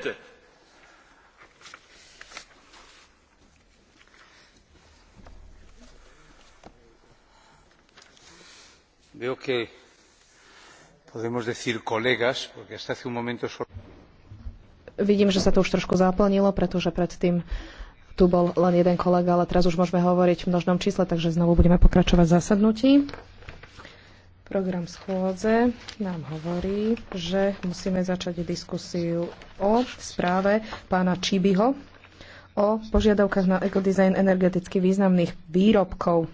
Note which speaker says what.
Speaker 1: Presidente.
Speaker 2: Veo que podemos decir colegas, porque hasta hace un momento...
Speaker 3: Vidím, že sa to už trošku zaplnilo, pretože predtým tu bol len jeden kolega, ale teraz už môžeme hovoriť v množnom čísle, takže znovu budeme pokračovať v zasadnutí. Program schôdze nám hovorí, že musíme začať diskusiu o správe pána Čibyho o požiadavkách na ekodizajn energeticky významných výrobkov.